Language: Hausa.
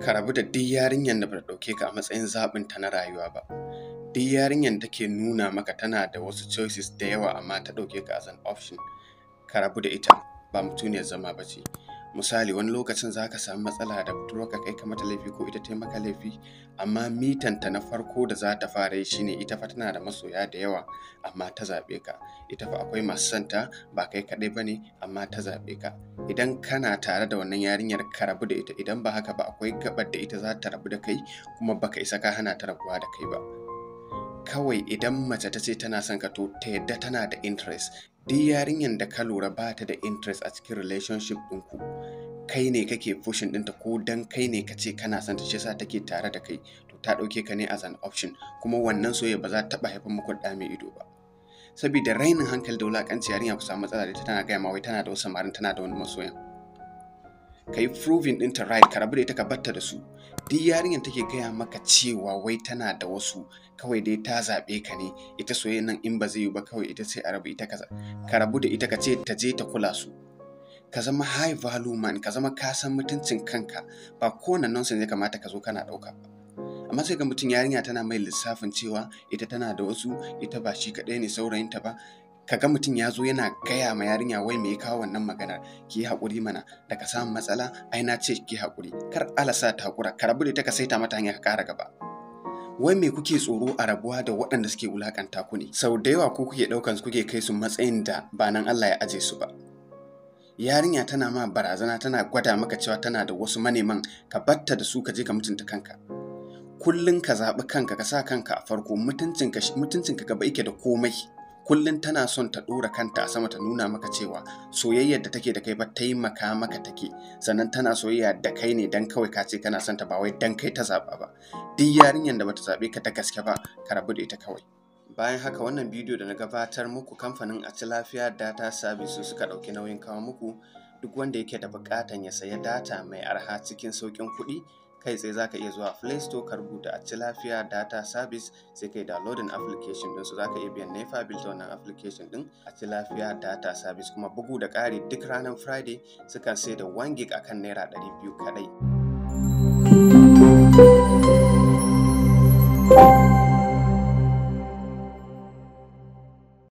ka rabu da duk yarinyar da bata ɗauke ka a matsayin zaɓin ta na rayuwa ba duk yarinyar da ke nuna maka tana da wasu choices da yawa amma ta ɗauke ka as an option ka rabu da ita ba mutum ya zama ba ce misali wani lokacin za ka samu matsala da ka kai ka mata laifi ko ita taimaka laifi amma mitanta na farko da za ta fara yi shine ita fa tana da masoya da yawa amma ta zaɓe ka ita fa akwai masu santa ba kai kaɗai ba ne amma ta zaɓe ka idan kana tare da wannan yarinyar ka rabu da ita idan ba haka ba akwai gabar da ita za ta rabu da kai kuma baka isa ka hana ta rabuwa da kai ba kawai idan mace ta ce tana son ka to ta yadda tana da interest duk yarinyar da ka lura ba ta da interest a cikin relationship ɗinku kai ne kake pushing ɗinta ko dan kai ne ka ce kana son ta shi sa take tare da kai to ta ɗauke ka ne as an option kuma wannan soyayya ba za ta taɓa haifar muku da mai ido ba saboda rainin hankali da wulaƙanci yarinya ku samu matsala da tana gaya ma wai tana da wasu samarin tana da wani masoyan ka yi proving ta right ka rabu da ita ka batta da su duk yarinyar take gaya maka cewa wai tana da wasu kawai dai ta zaɓe ka ne ita soyayya nan in ba zai yi ba kawai ita sai a rabu ita ka Ka rabu da ita ka ce ta je ta kula su ka zama high value man ka zama ka san mutuncin kanka ba kowane nonsense ya kamata ka zo kana ɗauka ba amma sai ga mutum yarinya tana mai lissafin cewa ita tana da wasu ita ba shi kaɗai ne saurayinta ba Ka ga mutum ya zo yana gaya ma yarinya wai me ya kawo wannan magana ki haƙuri mana daga samun matsala ai na ce ki haƙuri kar alasa ta haƙura ka rabu da ta ka saita mata hanya ka ƙara gaba wai me kuke tsoro a rabuwa da waɗanda suke wulakanta ku ne sau da yawa ko kuke ɗaukan su kuke kai su matsayin da ba nan Allah ya aje su ba yarinya tana ma barazana tana gwada maka cewa tana da wasu maneman ka batta da su ka je ka mutunta kanka kullum ka zaɓi kanka ka sa kanka a farko mutuncinka gaba yake da komai kullum tana son ta ɗora kanta a sama ta nuna maka cewa soyayyar da take da kai ba taimaka maka take sannan tana soyayya da kai ne dan kawai ka ce kana son ta ba wai dan kai ta zaɓa ba duk yarinyar da bata zaɓe ka ta gaske ba ka rabu da ita kawai bayan haka wannan bidiyo da na gabatar muku kamfanin a ci lafiya data services suka ɗauki nauyin kawo muku duk wanda yake da bukatan ya saya data mai arha cikin saukin kuɗi kai sai zaka iya zuwa play store ka rubuta a ci lafiya data service sai kai downloading application din su zaka ka iya biyan nefa bill ta wannan application din a ci lafiya data service kuma bugu da ƙari duk ranar friday sukan sai da 1 gig akan naira 200 kadai.